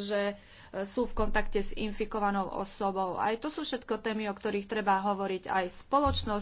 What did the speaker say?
že e, sú v kontakte s infikovanou osobou. Aj to sú všetko témy, o ktorých treba hovoriť aj spoločnosť.